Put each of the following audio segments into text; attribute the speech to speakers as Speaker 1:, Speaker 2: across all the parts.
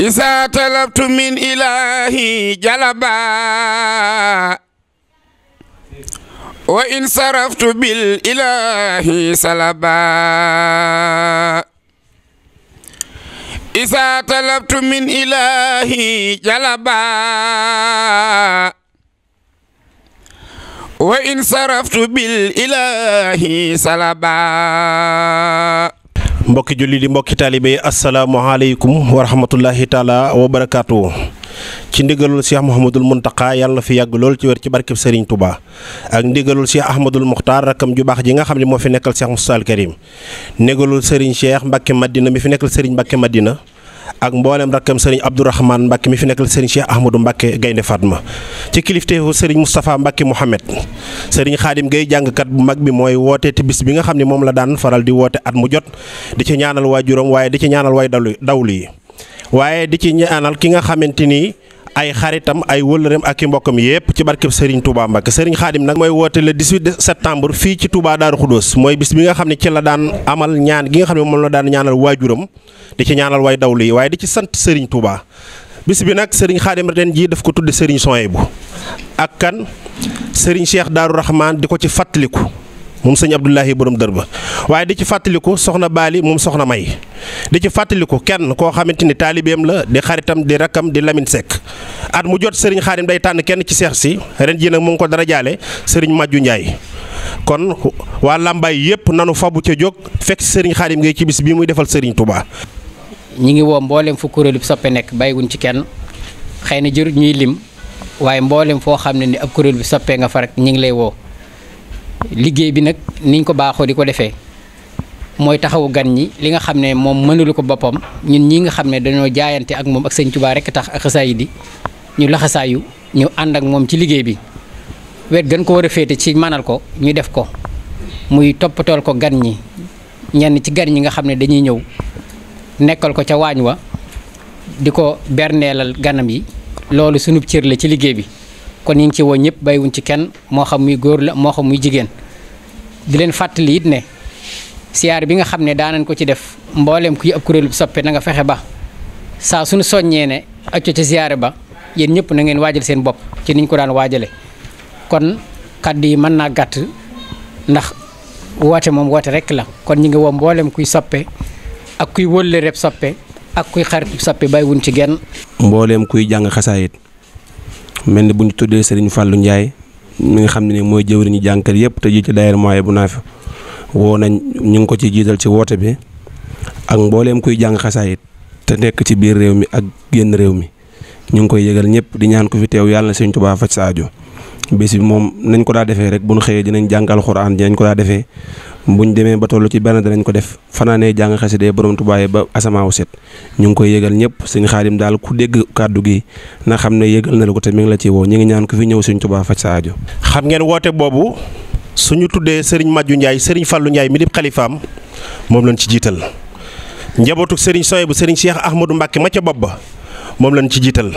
Speaker 1: إذا طلبت من إلهي جلبا وإن صرفت بالإله سلبا إذا طلبت من إلهي جلبا وإن صرفت بالإله سلبا mbokki julli di mbokki taalibe asalaamaaleykum wa rahmatullahi taala wa barakaatu ci ndigalul Cheikh Mouhamadul Mountakha yàlla na fi yàgg lool ci wér ci barkeb Serigne Touba ak ndigalul Cheikh Ahmadul Muxtaar rakkam ju baax ji nga xam ne moo fi nekkal Cheikh Moustapha Al Karim ndigalul Serigne Cheikh Mbacke Madina mi fi nekkal Serigne Mbacke Madina. ak mboolem rakkam sëriñ Abdourahmane Mbacke mi fi nekkal sëriñ Cheikh Ahmadou Mbacke Gaynde Fatma ci kilifteefu sëriñ Moustapha Mbacke Mouhamed sëriñ Xaadim Gueye jàngkat bu mag bi mooy wootee te bis bi nga xam ne moom la daan faral di woote at mu jot di ci ñaanal waajuram waaye di ci ñaanal way dawlu yi waaye di ci ñaanal ki nga xamante ni ay xaritam ay wëllëreem ak i mbokkam yëpp ci barkeb Serigne Touba Mbacke Serigne Khadim nag mooy woote le 18 septembre fii ci Touba Darou Khoudoss mooy bis bi nga xam ne ci la daan amal ñaan gi nga xam ne moom la daan ñaanal waajuram di ci ñaanal way dawlu yi waaye di ci sant Serigne Touba bis bi nag Serigne Khadim ren jii daf ko tudd tudde Serigne Soyebu ak kan Serigne Cheikh Darou Rahman di ko ci fàttaliku. moom sëñ Abdoulahi borom dër ba waaye di ci fàttaliku soxna Baali moom soxna May di ci fàttaliku kenn koo xamante ni taalibeem la di xaritam di rakkam di lamin Seck at mu jot sëriñ Xaadim day tànn kenn ci seex si ren ji nag mu ngi ko dara jaale sëriñ Màjju Njaay kon waa Lambaay yëpp nanu fabu
Speaker 2: ca jóg fekk sëriñ Xaadim ngay ci bis bii muy defal sëriñ Touba. ñi ngi woo mboolem fu kuréelu soppe nekk bàyyiwuñ ci kenn xëy na jërut ñuy lim waaye mboole foo xam ne ni ab kuréel bi soppee nga fa rek ngi lay woo liggéey bi nag niñ ko baaxoo di ko defee mooy taxawu gan ñi li nga xam ne moom mënulu ko boppam ñun ñi nga xam ne dañoo jaayante ak moom ak sëñ Tuubaa rek tax ak xasaay di ñu laxasaayu ñu ànd ak moom ci liggéey bi wet gën ko war a féete ci manal ko ñu def ko muy toppatool ko gan ñi ñenn ci gan ñi nga xam ne dañuy ñëw nekkal ko ca waañ wa di ko berndeelal ganam yi loolu sunub cër la ci liggéey bi kon ñu ngi woo ñëpp bàyyiwuñ ci kenn moo xam muy góor la moo xam muy jigéen di leen fàttali it ne siyaar bi nga xam ne daanañ ko ci def mbooleem kuy ab kuréelu soppe na nga fexe ba saa suñu soññee ne acco ci siyaare ba yéen ñëpp na ngeen waajal seen bopp ci niñ ko daan waajale kon kàddu yi mën naa gàtt ndax woote moom woote rek la kon ñu ngi woo mbooleem kuy soppe ak kuy wëlle reb soppe ak kuy xarit soppe bàyyiwuñ ci genn
Speaker 1: mbooleem kuy jàng xasaayit mel ni bu ñu tuddee Serigne Fallou Ndiaye mi nga xam ne mooy jëwriñu jànkat yëpp te jiite daayira mooy bu naafi woo nañ ñu ngi ko ci jiital ci woote bi ak mbooleem kuy jàng xasaayit te nekk ci biir réew mi ak génn réew mi ñu ngi koy yëgal ñëpp di ñaan ko fi teew yàlla na Serigne Touba faj sa aajo bis bi moom nañ ko daa defee rek bu ñu xëyee dinañ jàng alxuraan dinañ ko daa defee buñ demee ba toll ci benn danañ ko def fanaanee jàng xasida borom Tuubaa ba asamaawu set ñu ngi koy yëgal ñëpp sëñ Xaadim daal ku dégg kàddu gi na xam ne yëgal na la ko te mi ngi la ci woo ñu ngi ñaan ku fi ñëw suñ Tuubaa faj sa aajo xam ngeen woote boobu suñu tuddee sëriñ Maju Ndiaye sëriñ Fallou Ndiaye mi di xalifaam moom lañ ci jiital njabootu sëriñ Soye bu sëriñ Cheikh Ahmadou Mbacke ma ca bopp ba moom lañ ci jiital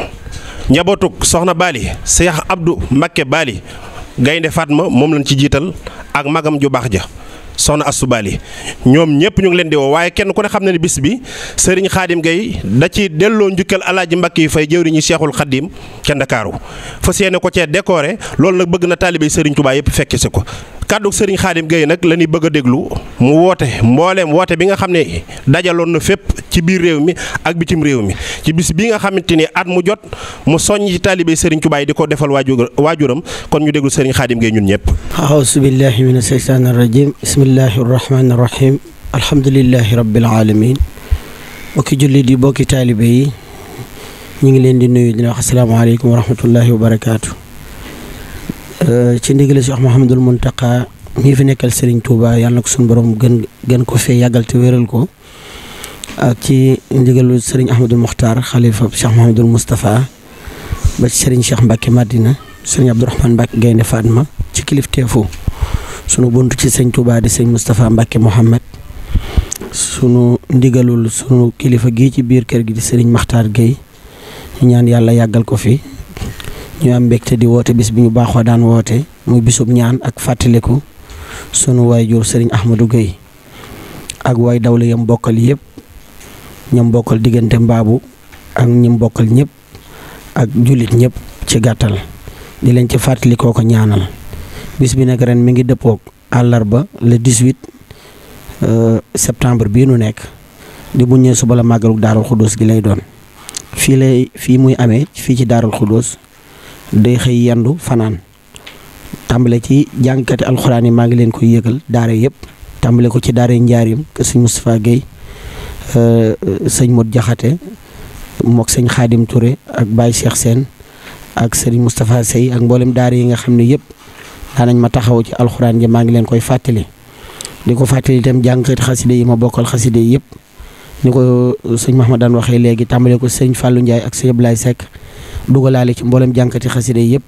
Speaker 1: njabootuk soxna Bali Seex Abdu Mbakke Bali gaynde ma moom lañ ci jiital ak magam ju baax ja soxna Astou baali ñoom ñëpp ñu ngi leen di woo waaye kenn ku ne xam na ni bis bi sëriñ Xaadim Gay da ci delloo njukkal alaaji Mbàkke yi fay jëwriñu Seexul Xaadim ca Ndakaaru fas yéene ko cee décoré loolu nag bëgg na taalibe Sëriñ Tuubaa yëpp fekke si ko kàddu sëriñ Xaadim Gueye nag la ñuy bëgg a déglu mu woote mbooleem woote bi nga xam ne dajaloon na fépp ci biir réew mi ak bitim réew mi ci bis bi nga xamante ni at mu jot mu soññ ci taalibe sëriñ Tuubaa yi di ko defal waajur waajuram kon ñu déglu sëriñ Xaadim Gueye ñun ñëpp
Speaker 3: aawusu billaahi mina seytaani rajiim bismillaahi rahmaani rahiim alhamdulillaahi rabbil aalamiin bokki jullit di bokki taalibe ñu ngi leen di nuyu dina wax asalaamaaleykum wa rahmatullaahi wa Euh, ci ndigal si wax Mouhamadul Mountakha mii fi nekkal Serigne Touba yàlla na ko suñu borom gën gën ko fee yàggal te wéral ko ak ci ndigalu Serigne Ahmadou Mokhtar xalifa Cheikh Mouhamadul Moustapha ba ci Serigne Cheikh Mbacke Madina Serigne Abdourahmane Mbacke Gaynde Fatma ci kilifteefu sunu bunt ci sëñ Touba di sëñ Moustapha Mbacke Mouhamed sunu ndigalul sunu kilifa gi ci biir kër gi di Serigne Makhtar Gueye ñaan yàlla yàggal ko fi. ñu am mbégte di woote bis bi ñu baaxoo daan woote muy bisub ñaan ak fàttaliku sunu waayjur sëriñ Ahmadou Guèye ak waay dawle yam bokkal yëpp ñam bokkal diggante mbaabu ak ñam bokkal ñëpp ak jullit ñëpp ci gàttal di leen ci fàttalikoo ko ñaanal bis bi nekk ren mi ngi dëppoog àllarba le 18 euh, septembre bii nu nekk di bu ñëwee suba la màggalug daarul xudóos gi lay doon fii lay fii muy amee fii ci daarul xudóos day xëy yendu fanaan tàmbale ci jàngkati alxuraan yi maa ngi leen koy yëgal daara yëpp tàmbale ko ci daara njaarim kër sëñ Moustapha Guèye euh, sëñ Modou Jaxate mook sëñ Xaadim ture ak Baye Cheikh Sène ak sëriñ Moustapha Sey ak mboolem daara yi nga xam ne yëpp daanañ ma taxaw ci alxuraan yi maa ngi leen koy fàttali di ko fàttali itam jàngkati xaside yi ma bokkal xaside yëpp ñu ko sëñ daan waxee léegi tàmbale ko sëñ fàllu njaay ak sëñ Ablaye Seck dugalaale ci mboolem jànkati xasida yëpp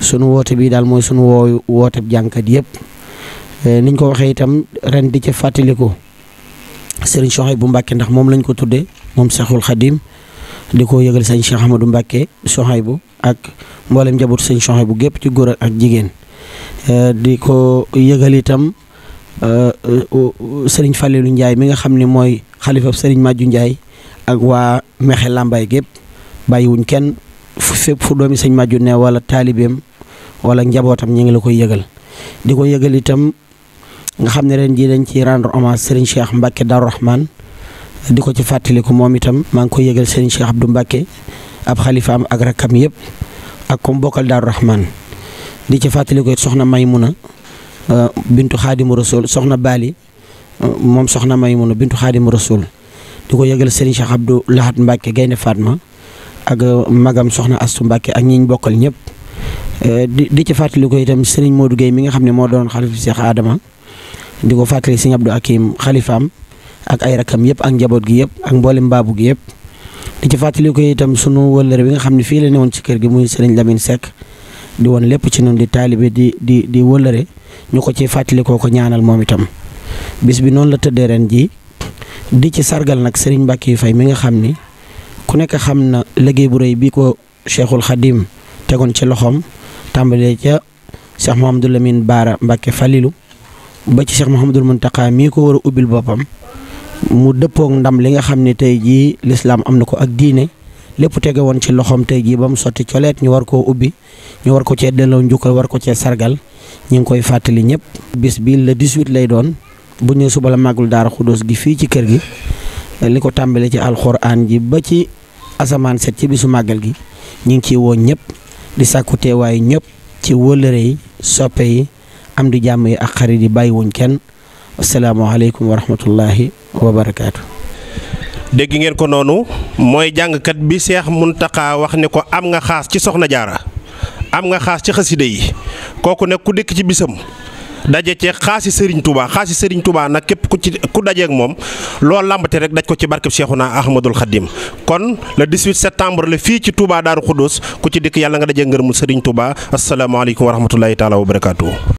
Speaker 3: sunu woote bii daal mooy sunu woowu woote jànkat yépp eh, niñ ko waxee itam ren di ca fàttaliku Serigne Cheikh bu Mbacke ndax moom lañ ko tuddee moom Cheikhul Khadim di ko yëgal sëñ Cheikh Ahmadou Mbacke bu ak mboolem njaboot sëñ bu gépp ci góor ak jigéen eh, di ko yëgal itam eh, Serigne Fallilou njaay mi nga xam ne mooy xalifa Serigne Madiou Ndiaye ak waa Mexe Lambaye gépp bàyyiwuñ kenn. fépp fu doomi sëñ Madiou ne wala taalibeem wala njabootam ñu ngi la koy yëgal di ko yëgal itam nga xam ne ren jii dañ ci rendre hommage Serigne Cheikh Mbacke Darou Rahman di ko ci fàttaliku moom itam maa ngi koy yëgal Serigne Cheikh Abdou Mbacke ab xalifaam ak rakkam yëpp ak kom bokkal Darou Rahman di ci fàttaliku soxna Maymuna euh, bintu xaadimu rasul soxna Bali euh, moom soxna Maymuna bintu xaadimu rasul di ko yëgal Serigne Cheikh Abdou Lahat Mbacke Gaynde ak euh, magam soxna Astu Mbàkke ak ñi ñu bokkal ñëpp euh, di di ci fàttali ko itam Serigne Modou Guèye mi nga xam ne moo doon xalifa Cheikh Adama di ko fàttali Serigne Abdou Hakim xalifaam ak ay rakam yëpp ak njaboot gi yëpp ak mboole mbaabu gi yëpp di ci fàttali ko itam sunu wëllëre bi nga xam ne fii la newoon ci kër gi muy Serigne Lamine Seck di woon lépp ci noonu di taalibe di di di wëllëre ñu ko ci fàttalikoo ko ñaanal moom itam bis bi noonu la tëddee ren ji di ci sargal nag Serigne Mbacke Faye mi nga xam ni ku nekk xam na liggéey bu rëy bi ko cheikhul xadim tegoon ci loxoom tàmbalee ca cheikh Mouhamadul Lamine Baara Mbacke Falilu ba ci cheikh Mouhamadul Muntaqa mii ko war a ubbil boppam mu dëppook ndam li nga xam ne tey jii lislaam am na ko ak diine lépp tege woon ci loxoom tey jii ba mu sotti coleet ñu war koo ubbi ñu war ko cee delloo njukkal war ko cee sargal ñu ngi koy fàttali ñëpp. bis bi le 18 lay doon bu ñëw suba la màggul daara xudóos gi fii ci kër gi asamaan set ci bisu màggal gi ñu ngi ciy woo ñëpp di sàkku teewaayu ñëpp ci wëllëre yi soppe yi am di jàmm yi ak xarit yi bàyyi wuñ kenn asalaamaaleykum wa rahmatullahi wa
Speaker 1: dégg ngeen ko noonu mooy jàngkat bi Seex Muntaxa wax ne ko am nga xaas ci Soxna Jaara am nga xaas ci xaside yi kooku nag ku dëkk ci bisam. daje ci xaasi Serigne Touba xaasi Serigne Touba nag képp ku ci ku dajeek moom loolu làmbate rek daj ko ci barkeb Cheikhouna Ahmadul Khadim kon le 18 septembre la fii ci Touba Daaru Khoudoss ku ci dikk yàlla nga dajeek ngërëmul Serigne Touba asalaamaaleykum wa rahmatullahi taala wa barakaatu.